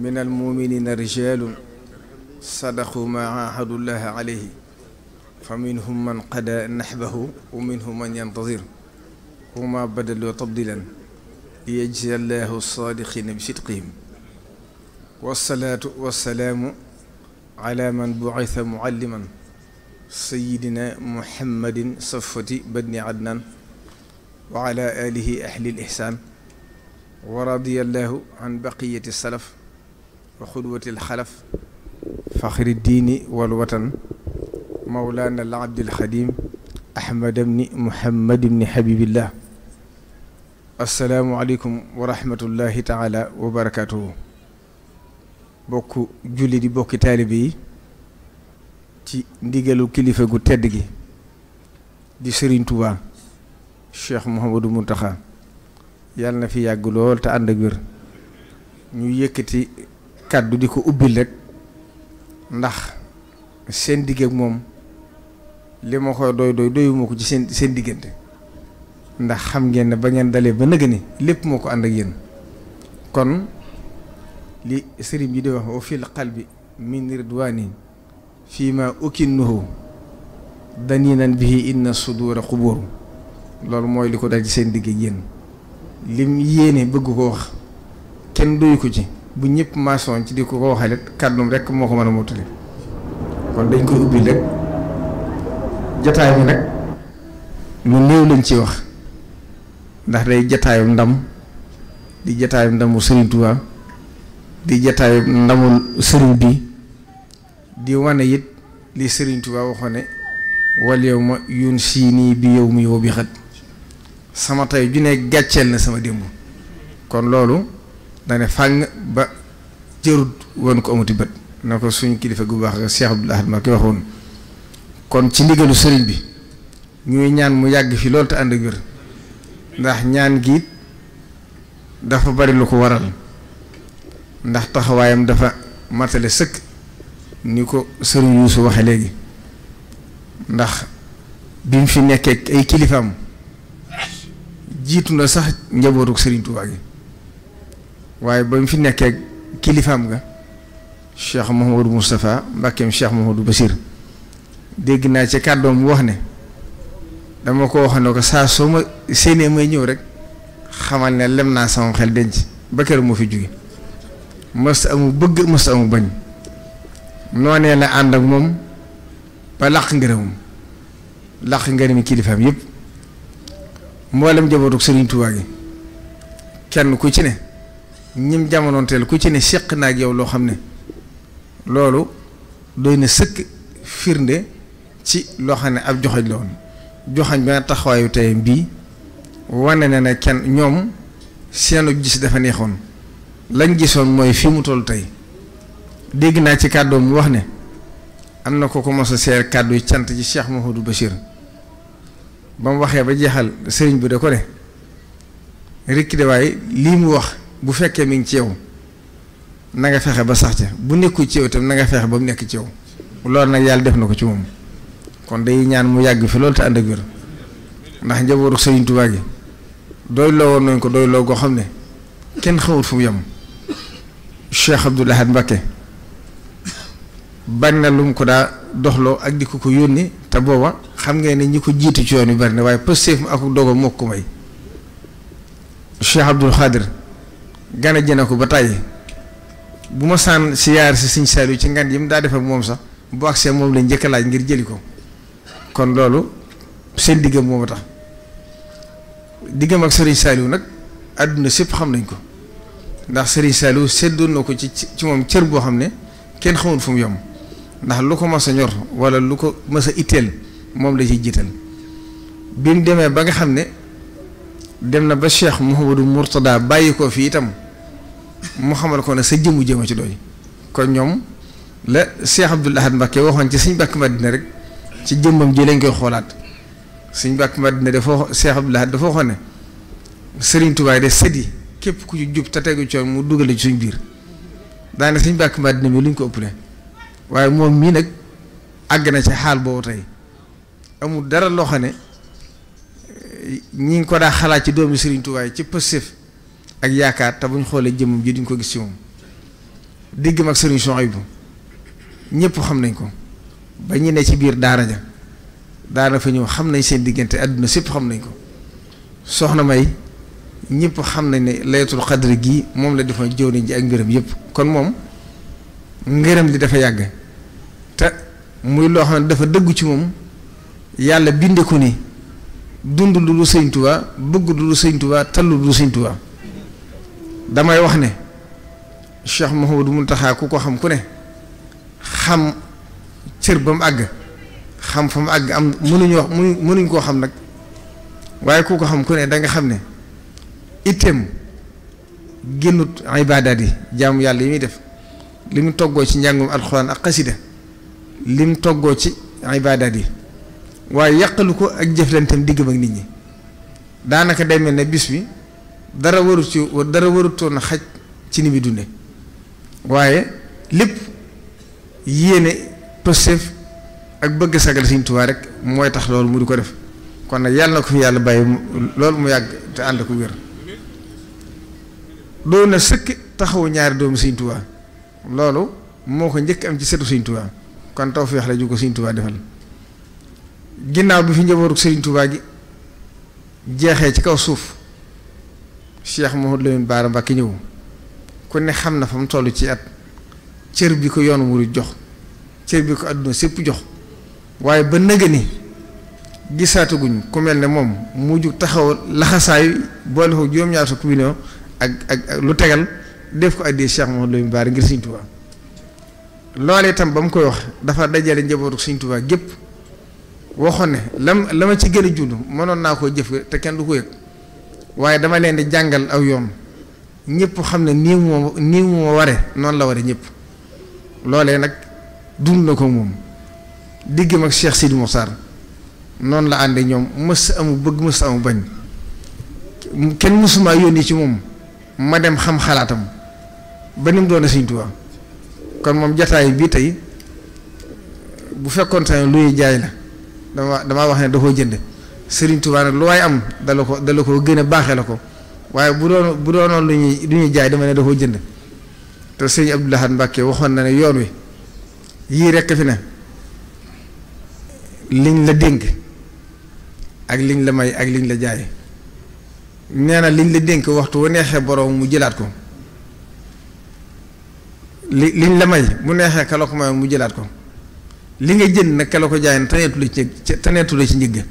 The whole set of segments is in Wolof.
min almuminina rijalun sadaqu ma ahadullah alayhi fa minhum man qada nahbahu wa minhum man yantazir wa ma badaloo tabdilan liyajzi allahu sadiqina bi sidqihim wasalaatu wasalaamu ala man bucisa mualliman sayidina muhammadin safati badni adnan wa ala alihi ahli lihsan wa radiyallahu an baqiyati salaf wa xudwatil xalaf faxri diini wal watan mawlaana al abdil xadim ahmad ibni muhammad ibni habibillah asalaamualeykum wa rahmatullahi taala wa yi ci ndigalu kilifa gu tedd gi di sëriñ Tuubaa cheikh Mouhamadou yàlla na fi yàgg lool te ànd ak wér ñu yëkkati kàddu di ko ubbil rek ndax seen digg ak moom li ma ko doy doy doyuma ko ci seen seen diggante ndax xam ngeen ne ba ngeen dalee ba nëgë lépp moo ko ànd ak yéen kon li sëriñ bi di wax wa fil qalbi min ridwani fii ma ukinnuhu daninan bihi inna sudura qubur loolu mooy li ko dal ci seen digg ak yéen lim yéene bëgg ko wax kenn doyu ko ci bu ñëpp maasoon ci di ko ko waxalit kàddum rek moo ko mën a mottali kon dañ koy ubbi rek jataay nag lu néew lañ ci wax ndax day jataayu ndam di jataayu ndamu Serigne Touba ndamu Serigne bi di wane it li Serigne Touba waxoon wal yow ma yun sii nii bi yow mi yow bi xat sama tay ju ne gàcceel na sama démb kon loolu na ne fàng ba jërut woon ko amati bët na ko suñu kilifa gu baax Cheikh Abdoul Ahad ma ki waxoon kon ci ndigalu sëriñ bi ñuy ñaan mu yàgg fi loolu te ànd ak ndax ñaan gi dafa bari lu ko waral ndax taxawaayam dafa matale sëkk ni ko sëriñ su waxee léegi ndax bi mu fi nekkee ay kilifaam jiitu na sax njabootu sëriñ Tuubaa gi waaye ba mu fi nekkee kilifaam ga cheikh Mouhamadou mustafa mbàkkeem cheikh Mouhamadou Bassir dégg naa ci kàddoom mu wax ne dama ko wax ne ko saa soo ma séenee may ñëw rek xamal ne lem naa sama xel denc ba kër moo fi jóge mës amu bëgg mës amu bañ noonee la ànd ak moom ba làq ngërëmam làq ngërëmi kilifaam yëpp mboolem jabootug Sëriñ Tuubaa gi kenn ku ci ne. ñim jamonoonteel ku ci ne seq naa ak yow loo xam ne loolu doy na sëkk firnde ci loo xam ne ab joxañ la joxañ ba taxawaayu tey bii wane na ne kenn ñoom seenu gis dafa neexoon lañ gisoon mooy fi mu toll tey dégg naa ci kàddoo mu wax ne am na ko ko mos a seer kàddu yi cant ci Cheikh Mouhamadou Bachir ba mu waxee ba jeexal sëriñ bi da ko ne rikki de waaye lii mu wax bu fekkee mi ngi ci yow na nga fexe ba sax ca bu nekkul ci yow itam na nga fexe ba mu nekk ci yow loolu nag yàlla def na ko ci moom kon day ñaan mu yàgg fi loolu te ànd ak wér ndax njabootu Sëriñ Tuubaa yi doy loo woon nañ ko doy loo goo xam ne kenn xawut fu mu yem Cheikh Abdoul Ahad Mbacké na lu ko daa doxloo ak di ko ko yónni te booba xam ngeen ne ñi ko jiitu ci yoon yu bari na waaye pëstéef mu ak dogoo moo ko may Cheikh Abdoul gane jëne ko ba tàyyi bu ma saan si si Sëñ Saaliw ci ngan yi mu daa def moom sax bu agsee moom lañ njëkk laaj ngir jëli ko kon loolu seen diggam moom a tax diggam ak Serigne Saaliw nag àdduna sépp xam nañ ko ndax Serigne Saaliw seddoon na ko ci ci moom cër boo xam ne kenn xamul fu mu yomb ndax lu ko mas a ñor wala lu ko mas a itteel moom la ciy jiital bi mu demee ba nga xam ne. dem na ba cheikh Mouhamadou Mourtada bàyyi ko fii itam mu xamal ko ne sa jëmu jëma ci doy kon ñoom la cheikh Abdoul Ahad Mbacké waxoon ci suñ bàkk Madina rek ci jëmmam ji lañ koy xoolaat suñ bàkk Madina dafa cheikh Abdoul Ahad dafa waxoon ne Serigne Touba de sëddi képp ku ci jub te tegu coon mu dugale ci suñ biir daanaka suñ bàkk Madina mi luñ ko ëppale waaye moom mii nag àgg na ci xaal boobu tey amul dara loo xam ne. ñi ngi ko daa xalaat ci doomi Serigne Touba ci positif ak yaakaar te bu ñu xoolee jëmmam ji duñ ko gis ci moom digg mag Serigne Souhaïbou ñëpp xam nañ ko ba ñu ne ci biir daara ja daana fa ñëw xam nañ seen diggante àdduna sépp xam nañ ko soxna May ñëpp xam nañ ne laytul xadri gii moom la defa jëw nañ ji ak ngërëm yépp kon moom ngërëm li dafa yàgg te muy loo xam ne dafa dëggu ci moom yàlla binde ko nii dund lu dul sëñ Tuubaa bëgg lu dul sëñ Tuubaa tal lu dul sëñ Tuubaa damay wax ne Cheikh Mouhamadou taxaa ku ko xam ku ne xam cër ba mu àgg xam fa mu àgg am mënuñu wax mënuñ koo xam nag waaye ku ko xam ku ne danga xam ne itteem génnut ibaadaat yi jaamu yàlla yi muy def li mu toggoo ci njàngum alxuraan ak xasida li mu toggoo ci ibaadaat yi waaye yàqalu ko ak jëflanteem diggam ak nit ñi daanaka day mel ne bis bi dara waru ci dara warutoon a xaj ci ni bi dunde waaye lépp yéene pësef ak bëgg sagal Sëriñ Tuubaa rek mooy tax loolu mu di ko def kon nag yàlla na ko fi yàlla bàyyi loolu mu yàgg te ànd ko wér doon na sëkk taxaw ñaari doomu Sëriñ Tuubaa loolu moo ko njëkk am ci setu Sëriñ Tuubaa kon taw fi la ju ko Sëriñ Tuubaa defal ginnaaw bi fi njabootu Serigne Touba gi jeexee ci kaw suuf Cheikh Mouhamadou Lamine Bara Mbacké ñëw ku ne xam na fa mu toll ci at cër bi ko yoon wu jox cër bi ko àdduna sépp jox waaye ba nëgë ni gisaatuguñ ku mel ne moom mu jug taxaw laxasaay boole ko juróom-ñaar sa million ak ak lu tegal def ko addee Cheikh Mouhamadou Lamine Bara ngir Serigne Touba loolee itam ba mu koy wax dafa dajale njabootu Serigne Touba gépp waxoon ne lam la ma ci gën a jund mënoon naa ko jëf te kenn du ko yëg waaye dama leen di jàngal aw yoon ñëpp xam ne nii moo nii moo ware noonu la ware ñëpp loolee nag dund na ko moom diggam ak Cheikh Sidi Moxtar noonu la ànde ñoom mës amu bëgg mës amu bañ kenn mësumaa yónni ci moom ma dem xam xalaatam ba ni mu doon Sëriñ Tuubaa kon moom jataay bii tey bu fekkoon tamit luy jaay la dama damaa wax ne da jënd sëriñ Touba lu waaye am dala ko dala ko gën a baaxee la ko waaye bu doon bu doonoon lu ñuy lu jaay dama ne da jënd te sëñ Abdou Lahad waxoon na ne yoon wi yii rekk fi ne liñ la dénk ak liñ la may ak liñ la jaay nee na liñ la dénk waxtu wu neexee borom mu jëlaat ko li liñ la may mu neexee kala ko mu jëlaat ko. li nga jënd nag la ko jaayan taneetula ci taneetula ci njëgg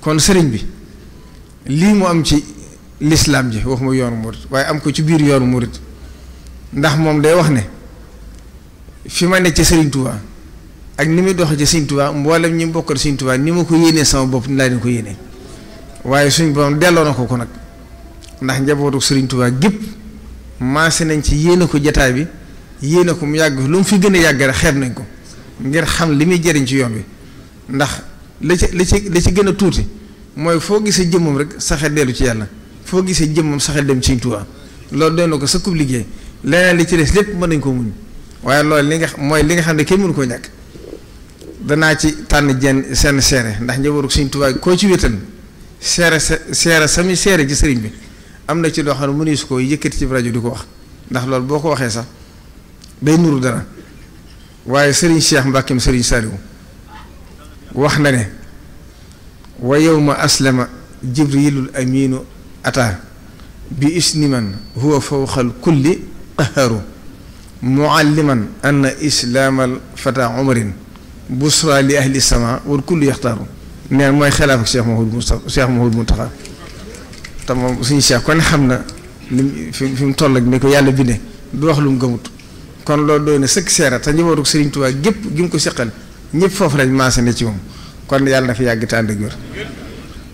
kon sëriñ bi lii mu am ci lislaam ji waxuma yoonu murit waaye am ko ci biir yoonu murit ndax moom day wax ne fi ma ne ci sëriñ Tuubaa ak ni muy doxee ci sëriñ Tuubaa mboolem ñi bokkal sëriñ Tuubaa ni ma ko yéenee sama bopp ni laa leen ko yéenee waaye suñ borom delloo na ko ko nag ndax njabootu sëriñ Tuubaa gépp maase nañ ci yéene ko jataay bi yéene ko mu yàgg lu mu fi gën a yàgg rek xeeb nañ ko ngir xam li muy jëriñ ci yoon bi ndax la ci la ci la ci gën a tuuti mooy foo gis gisee jëmmam rek saxee dellu ci yàlla foo gis gisee jëmmam saxee dem ci Tuubaa loolu doy na ko sa kub liggéey leneen li ci des lépp mën nañ ko muñ waaye lool li nga mooy li nga xam ne kenn mënu koo ñàkk danaa ci tànn jenn seen seere ndax njabootu Sëriñ Tuubaa koo ci wétal seere sa seere sami seere ci sëriñ bi am na ci loo xam ne su ko yëkkati ci rajo di ko wax ndax loolu boo ko waxee sax day nuru dara. waaye sëriñ Cheikh Mbàkkeem sëriñ Saliou wax na ne wa yawma aslama jibrilul aminu ata bi isniman huwa fawqal kulli qaharu mualliman anna islaamal fata umarin busra li ahli sama wal kulli yaxtaaru neen mooy xelaaf ak Cheikh Mahmoud Moustapha Cheikh Mahmoud Mountakha te moom suñu Cheikh kon xam na li fi mu toll ak ni ko yàlla bindee du wax lu mu gëmut kon loolu doy na sëkk seera te njabootu Serigne Touba gépp gi mu ko seqal ñëpp foofu lañ maase ne ci moom kon yàlla na fi yàgg te ànd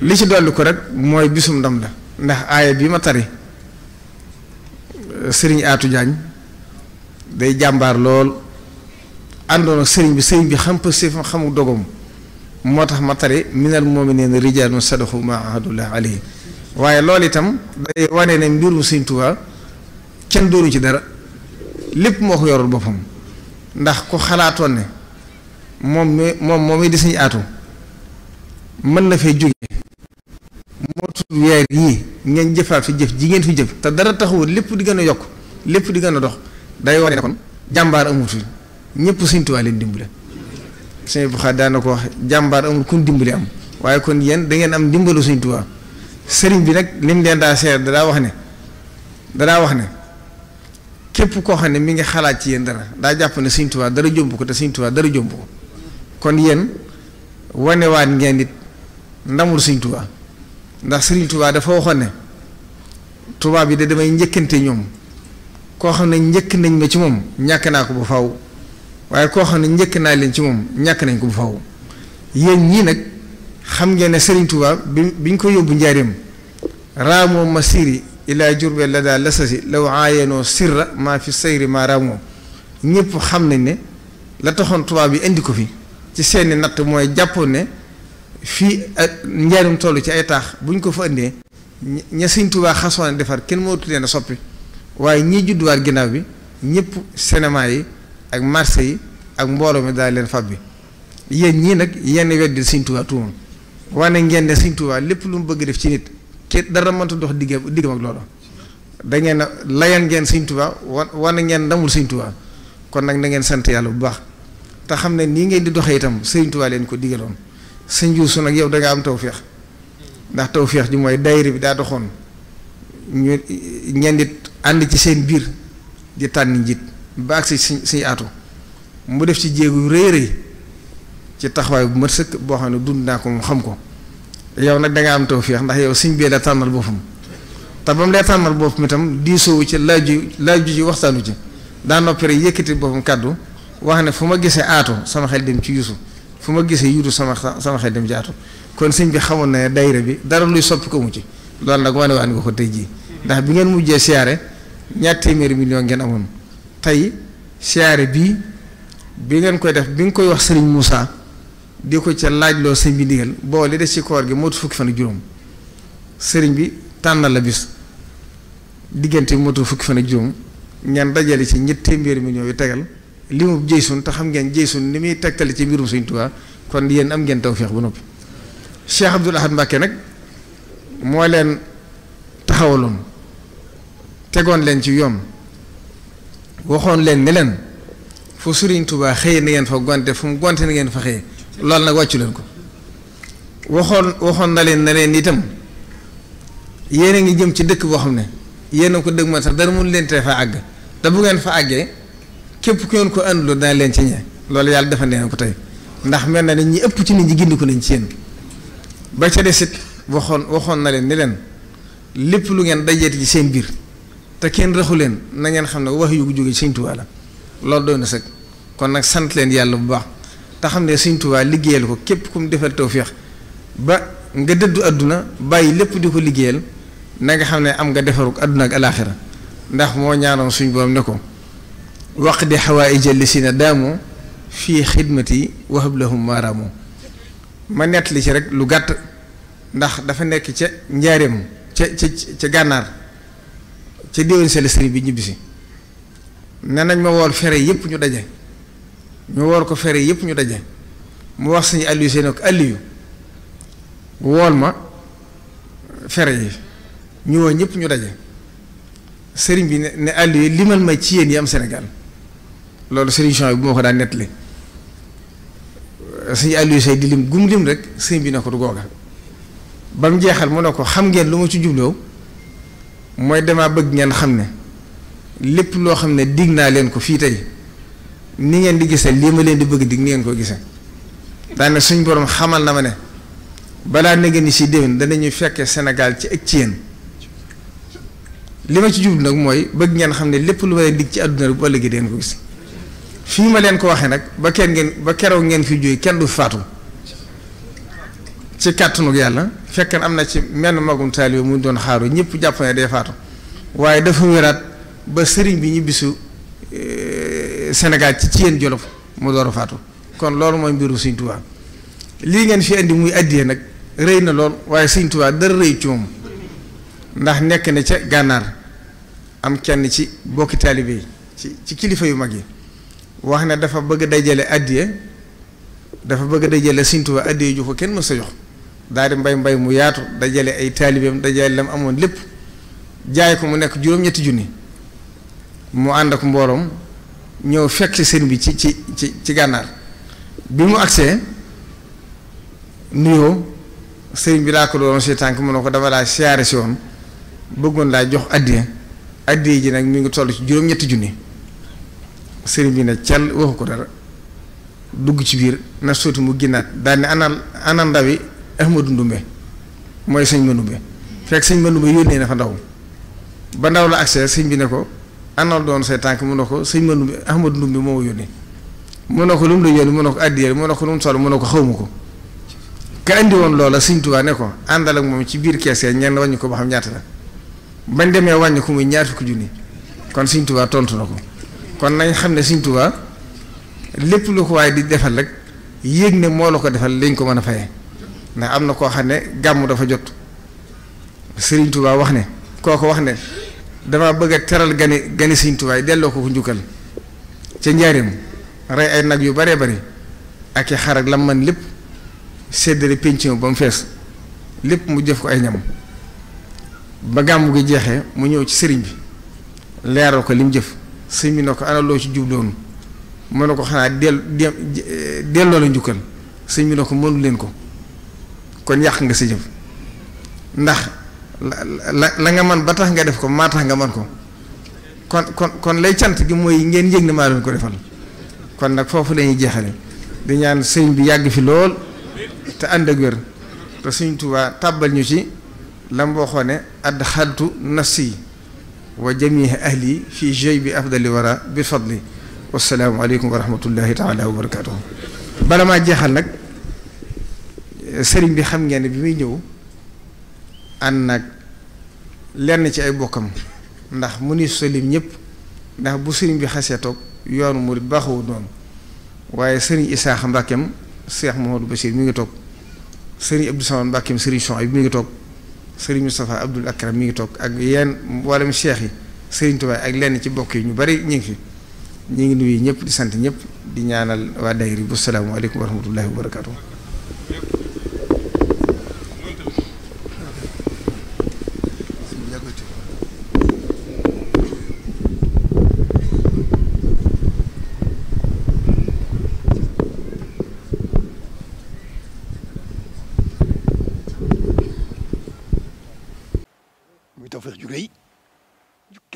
li ci dolli ko rek mooy bisum ndam la ndax aaya bi ma tari Serigne Atou Diagne day jàmbaar lool àndoon ak Serigne bi Serigne bi xam pësté fa xamu dogoom moo tax ma tari minal mu'minina rijaalun sadaqu ma ahadullah alayhi waaye loolu itam day wane ne mbirum Serigne Touba kenn dooru ci dara. lépp moo ko yorul boppam ndax ku xalaatoon ne moom mi moom moom di suñu aatu mën na fay jóge moo tudd weer yii ngeen jëfaat fi jëf ji ngeen fi jëf te dara taxawul lépp di gën a yokk lépp di gën a dox day war ne kon jàmbaar ñëpp suñ tuwaa dimbale suñu buxaat daana ko wax jàmbaar amul kun dimbale am waaye kon yéen dangeen am dimbalu suñ tuwaa sëriñ bi nag lim leen daa seer dadaa wax ne dadaa wax ne képp koo xam ne mi ngi xalaat ci yéen dara daa jàpp ne Sëñ Tuubaa dara jomb ko te Sëñ Tuubaa dara jomb ko kon yéen wanewaat ngeen it ndamul Sëñ Tuubaa ndax Sëriñ Tuubaa dafa waxoon ne tubaab yi de damay njëkkante ñoom koo xam ne njëkk nañ ma ci moom ñàkk naa ko bu faw waaye koo xam ne njëkk naa leen ci moom ñàkk nañ ko bu faw yéen ñii nag xam ngeen ne Sëriñ Tuubaa bi biñ ko yóbbu njaareem raamoo ma siri ilaa jurbel la daal la sasi law aayeenoo sirra maa fi sayri maa raamoo ñëpp xam nañ ne la taxoon tubaab yi indi ko fi ci seeni natt mooy jàppoon ne fii njaarum toll ci ay taax bu ñu ko fa indee ña Sëñ Tuubaa xasoon defar kenn moo tuddee na soppi waaye ñii judduwaat ginnaaw bi ñëpp cinéma yi ak marché yi ak mbooloo mi daal leen fab bi yéen ñii nag yenn weddi Sëñ Tuubaa tuuma wane ngeen ne Sëñ Tuubaa lépp lu mu bëgg def ci nit ki dara mënta dox diggé diggam ak loolu da ngeen a layan ngeen sëñ Tuubaa wa wane ngeen ndamul sëñ Tuubaa kon nag na ngeen sant yàlla bu baax te xam ne nii ngeen di doxe itam sëñ Tuubaa leen ko digaloon sëñ Yuusu nag yow danga nga am tawféex ndax tawféex ji mooy daayira bi daa doxoon ñu di ànd ci seen biir di tànn njiit ba agsi si suñu aatu mu def ci jéegu rëy rëy ci taxawaay bu mat sëkk boo xam ne dund naa ko mu xam ko yow nag da nga am tawféex ndax yow suñ bee la tànnal boppam te ba mu lay tànnal boppam itam diisoo ci laaju laaju ji waxtaanu ci daa noppi rek yëkkati boppam kàddu wax ne fu ma gisee aatu sama xel dem ci yuusu fu ma gisee yuutu sama sama xel dem ci aatu kon sëñ bi xamoon na ne dayra bi dara luy soppi ko mu ci loolu nag wane waan nga ko tey jii ndax bi ngeen mujjee siyaare ñaar téeméeri million ngeen amoon tey siyaare bii bi ngeen koy def bi nga koy wax Serigne Moussa. di ko ca laajloo sëñ bi ndigal boo li des ci koor gi moo fukki fan ak juróom sëriñ bi tànnal la bis diggante bi moo fukki fan juróom ngeen dajale ci ñett téeméeri million yu tegal li mu jëy sun te xam ngeen jëy sun ni muy tegtale ci mbirum Sëriñ Tuubaa kon yéen am ngeen tawfeex bu noppi Cheikh Abdoul Ahad Mbacké nag moo leen taxawaloon tegoon leen ci yoon waxoon leen ne leen fu suriñ Tuubaa xëye na ngeen fa gonte fu gonte na ngeen fa xëye loolu nag wàccu leen ko waxoon waxoon na leen na leen itam yéen ngi jëm ci dëkk boo xam ne yéen a ko dëgg ma sax dara mun leen te fa àgg te bu ngeen fa àggee képp ku ngeen ko ànduloo dana leen ci ñee loolu yàlla defal neen ko tey ndax mel na ne ñi ëpp ci nit ñi gindi ko nañ ci yéen ba ca sit waxoon waxoon na leen ni leen lépp lu ngeen dajeeti ci seen biir te kenn raxu leen na ngeen xam ne wax yu jóge Sëñ Tuubaa la loolu doy na sëg kon nag sant leen yàlla bu baax te xam ne Sëriñ Tuubaa liggéeyal ko képp ku kum defal tawféex ba nga dëddu àdduna bàyyi lépp di ko liggéeyal na nga xam ne am nga defaruk àdduna ak alaaxira ndax moo ñaanoon suñ borom ne ko waq di si lisina daamu fii xidmati wahab lahum maaraamu ma nettali ci rek lu gàtt ndax dafa nekk ca njaareem ca ca ca gànnaar ca déwén sele sëriñ bi ñibbisi ne nañ ma wool fere yépp ñu daje ñu wool ko fere yëpp ñu daje mu wax suñu alliyu seen ak alliyu wool ma fere yi ñu woo ñëpp ñu daje sëriñ bi ne àll yi limal ma ci yéen yi am Sénégal loolu sëriñ Jean bi bu ma ko daan nettali suñu alliyu say di lim gum lim rek sëriñ bi ne ko du googa ba jeexal mu ne ko xam ngeen lu ma ci jubloo mooy damaa bëgg ngeen xam ne lépp loo xam ne digg naa leen ko fii tey ni ngeen di gisee lii ma leen di bëgg dig ni ngeen ko gisee daane suñ boroom xamal na ma ne balaa na ngeen si déwén danañu fekkee Sénégal ci ak li ma ci jublu nag mooy bëgg ngeen xam ne lépp lu ma leen ci àdduna bu ëllëgee deen ko gis fii ma leen ko waxee nag ba kenn ngeen ba keroog ngeen fi jóoy kenn du faatu ci kàttanu yàlla fekk am na ci menn magum taalibe mu doon xaaru ñëpp jàpp ne day faatu waaye dafa wéraat ba sëriñ bi ñu Sénégal ci Thiène Jolof mu door a faatu kon loolu mooy mbiru Sëñ Tuubaa lii ngeen fi indi muy addiyee nag rëy na lool waaye Sëñ Tuubaa dara rëy ci ndax nekk na ca gànnaar am kenn ci bokki taalibe yi ci ci kilifa yu mag yi wax ne dafa bëgg dajale addiyee dafa bëgg dajale Sëñ Tuubaa addiyee ju ko kenn mës sa jox daal di mbay mbay mu yaatu dajale ay taalibeem dajale lam amoon lépp jaay ko mu nekk juróom-ñetti junni mu ànd ak mbooloom. ñëw fekk sëriñ bi ci ci ci ci gànnaar bi mu agsee nuyoo sën bi laa ko doon si tànk mu ko dama laa siyaare si woon bëggoon laa jox addiya addiya ji nag mu ngi toll ci juróom-ñetti junni sëriñ bi ne cel waxu ko dara dugg ci biir na sotti mu ginnaat daal ne ana ana ndawi Ahmadu Ndumbe mooy sëñ Mandumbe fekk sëñ Mandumbe yónnee na fa ndaw ba ndaw la agsee sëñ bi ne ko anal doon say tànk mu ne ko sëñ ma ndumbi Ahmadu Ndumbi moo yónni mu ne ko lu mu la yónni mu ne ko àddiya mu ne ko lu mu sol mu ne ko ko ka indi woon loola sëñ ne ko àndal ak moom ci biir kees ya ñenn ko ba xam ñaata bañ demee wàññi ko muy kon sëñ tontu na ko kon nañ xam ne sëñ lépp lu ko waaye di defal rek ne moo la ko defal lañ ko mën a fayee ndax am na koo xam ne gàmm dafa jot sëriñ Tuubaa wax ne koo ko wax ne damaa bëgg a teral gani gani Sëñ Tuubaa delloo ko ko njukkal ca njaarim rey ay nag yu baree bari ak i xar ak lam man lépp séddale pension ba mu fees lépp mu jëf ko ay ñam ba gàmmu gi jeexee mu ñëw ci sëriñ bi leeroo ko li mu jëf sëriñ bi ne ko ana loo ci jubloon mu ne ko xanaa del delloo la njukkal sëriñ bi ne ko mënu leen ko kon yàq nga sa jëf ndax la la nga man ba tax nga def ko maa tax nga man ko kon kon kon lay cant gi mooy ngeen yëg ne maa leen ko defal kon nag foofu lañuy ñuy jeexale di ñaan sëñ bi yàgg fi lool te ànd ak wér te suñ tubaa tàbbal ñu ci lam waxoo ne add xaltu nafsi wa jamii ahli fi jey bi afdali wara bi fadli wassalaamu aleykum wa rahmatullahi wa barakatuhu bala maa jeexal nag sëriñ bi xam ngeen bi muy ñëw ànd nag lenn ci ay bokkam ndax mu ni solim ñëpp ndax bu sëriñ bi xasee toog yoonu murit baaxoo noonu waaye sëriñ Isaaxa Mbàkkeem Seex Muhamadu Bachir mi ngi toog sëriñ Abdou Samad Mbàkkeem sëriñ mi ngi toog sëriñ Moustapha Abdoul Akram mi ngi toog ak yenn mboolem cheikh yi sëriñ Tuubaa ak lenn ci bokk yi ñu bari ñu ngi fi ñu ngi nuyu ñëpp di sant ñëpp di ñaanal waa dayri bu salaamu aleykum wa rahmatullahi wa barakatuh